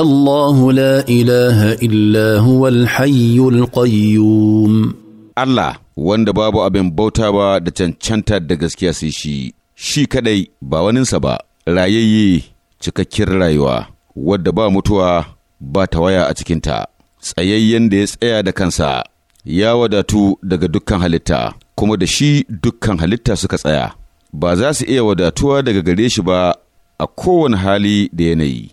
الله لا إله إلا هو الحي القيوم الله wanda babu abin bauta ba da cancanta da gaskiya sai shi shi kadai ba waninsa ba rayayye cikakkiyar rayuwa wadda ba mutuwa ba waya a cikinta tsayayyen da ya tsaya da kansa ya wadatu daga dukkan halitta kuma da shi dukkan halitta suka tsaya ba za su iya wadatuwa daga gare shi ba a kowane hali da yanayi